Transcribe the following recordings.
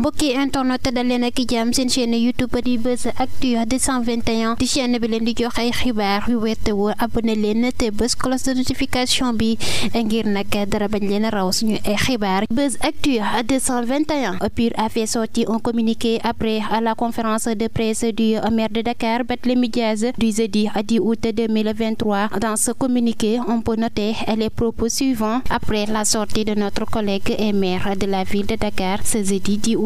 mbokki internet te dal leen ak jàmm seen chaîne youtube di Buzz Actu 221 di chaîne bi leen di jox ay xibaar yu wér te wóor abonné leen te bës cloche de notification bi ngir nag dara bañ leen raw suñu ay xibaar Buzz Actu 221 PUR a fait sortir un communiqué après la conférence de presse du maire de Dakar Barthélémy Dias du jeudi 10 août 2023 dans ce communiqué on peut noter les propos suivants après la sortie de notre collègue et la ville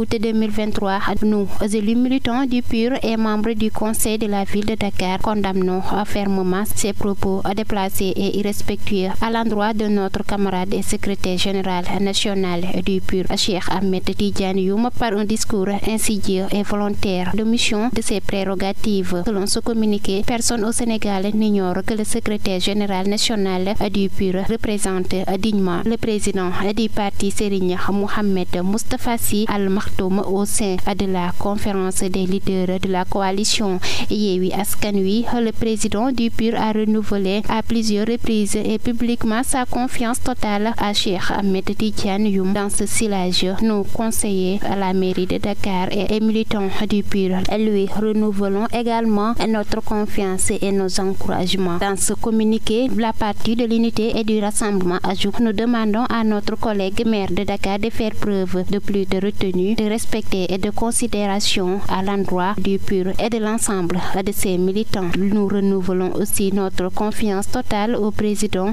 août 2023, nous, élus militants du PUR et membres du Conseil de la ville de Dakar, condamnons fermement ces propos déplacés et irrespectueux à l'endroit de notre camarade et secrétaire général national du PUR, Cheikh Ahmed Tidjan Youm, par un discours insidieux et volontaire de mission de ses prérogatives. Selon ce communiqué, personne au Sénégal n'ignore que le secrétaire général national du PUR représente dignement le président du parti Serigne Mohamed Khartoum au sein de la conférence des leaders de la coalition Yewwi Askan Wi le président du PUR a renouvelé à plusieurs reprises et publiquement sa confiance totale à Cheikh Ahmed Tidiane Youm dans ce sillage nos conseillers à la mairie de Dakar et les du PUR lui renouvelons également notre confiance et nos encouragements dans ce communiqué la partie de l'unité et du rassemblement ajoute nous demandons à notre collègue maire de Dakar de faire preuve de respecter et de considération à l'endroit du PUR et de l'ensemble de ses militants. Nous renouvelons aussi notre confiance totale au président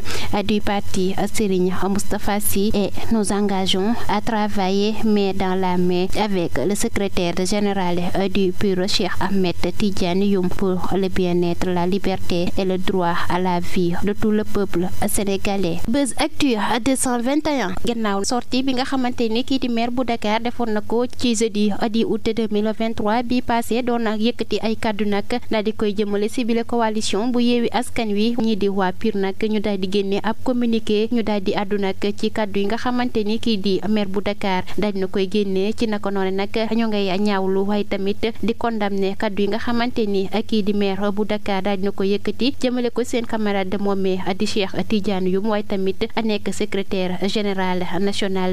du parti Serigne Moustapha Sy et nous engageons à travailler mais dans la mai avec le secrétaire général du PUR Cheikh Ahmed Tidiane Youm pour le bien-être, la liberté et le droit à la vie de tout le peuple sénégalais. Buzz Actu 221 gannaaw sortie bi nga xamante ni kii di maire bu Dakar defoon ko ci jeudi di août 2023 bi passé doon ak ay kàddu nag daal di koy jëmale si bile coalition bu yeewi askan wi ñii di waa piir nag ñu daal di génne ab communiqué ñu daal di àddu ci kaddu yi nga xamante ni kii di maire bu dakaar daal dina koy génne ci naka noonu nag ñu ngay ñaawlu waaye tamit di condamné kàddu yi nga xamante ni ak kii di maire bu Dakar daal na ko yëkkati jëmale ko seen camarade moomee di Cheikh Tidiane Youm waaye tamit a nekk secrétaire général national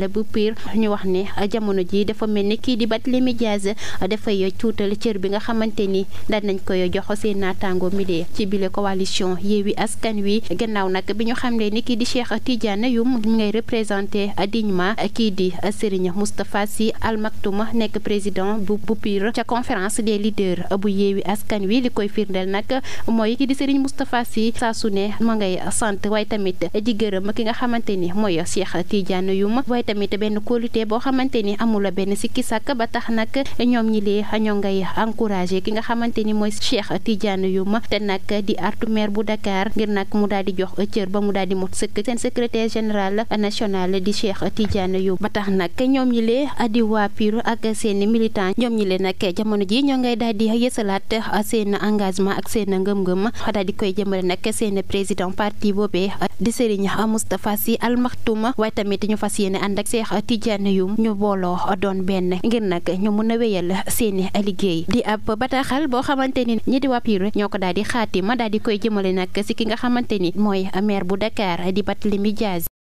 mel ni kii di Barthélémy Dias dafay tuutal cër bi nga xamante ni daan nañ koy jox seen naataango mile ci bile coalition Yewwi Askan Wi gannaaw nag bi ñu xamle ni kii di Cheikh Tidiane Youm mi ngay représenté dignement kii di Serigne Moustapha si Al Maktoum nekk président bu bu PUR ca conférence des leaders bu Yewwi Askan Wi li koy firndeel nag mooy kii di Serigne Moustapha Sy saa su ne ma ngay sant waaye tamit di gërëm ki nga xamante ni mooy Cheikh Tidiane Youm waaye tamit benn sikki sàkk ba tax nag ñoom ñi lee ñoo ngay encouragé ki nga xamante ni mooy Cheikh yu Youm te nag di artu maire bu Dakar ngir nag mu daal di jox cër ba mu daal di mot sëkk seen secrétaire général national di Cheikh Tidiane Youm ba tax nag ñoom ñi lee di waa Pire ak seen militant ñoom ñi lee nag jamono ji ñoo ngay daal di yësalaat seen engagement ak seen ngëm-ngëm daal di koy jëmale nag seen président parti boobee di Serigne Moustapha Sy si Maktoum waaye tamit ñu fas yéene ànd ak Cheikh Tidiane yu ñu booloo doon benn ngir nag ñu mën a wéyal seeni a liggéey di ab bataaxal boo xamante ni ñi di wàppir ñoo ko daal di xaatima daal di koy jëmale nag si ki nga xamante ni mooy maire bu Dakar di Barthélémy Dias